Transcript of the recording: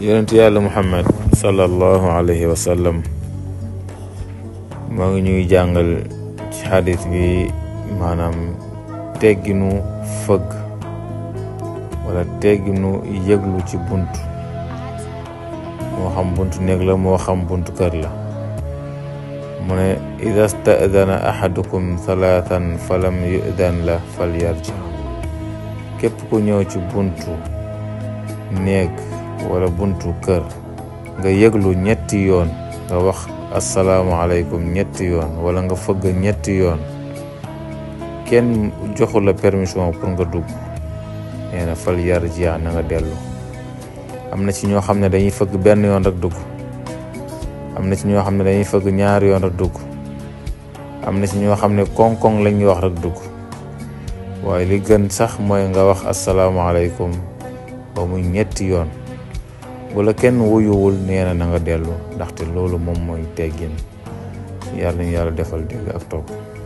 yonent yàlla muhammad sallallahu alayhi wa sallam moo ngi ñuy jàngal ci xadis bi maanaam tegginu fëgg wala tegginu yëglu ci bunt moo xam bunt néeg la moo xam bunt kër la mu ne ida stadana ahadukum salaatan falam yudan la fal yarja képp ku ñëw ci buntu néeg wala buntu kër nga yëglu ñetti yoon nga wax asalaamaaleykum ñetti yoon wala nga fëgg ñetti yoon kenn joxu la permission pour nga dugg nee na fal yar jia na nga dellu am na ci ñoo xam ne dañuy fëgg benn yoon rek dugg am na ci ñoo xam dañuy fëgg ñaari yoon rek dugg am ci ñoo xam ne koŋ lañuy wax rek dugg waaye li gën sax mooy nga wax ba muy ñetti yoon wala kenn wuyuwul nee na na nga dellu ndaxte loolu moom mooy teggin yàlla nañu yàlla defal dégg ak toog